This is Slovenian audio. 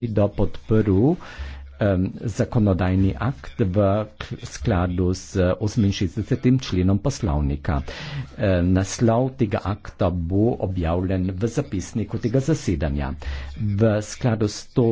da podprl um, zakonodajni akt v skladu z 68. členom poslovnika. E, naslov tega akta bo objavljen v zapisniku tega zasedanja. V skladu s to.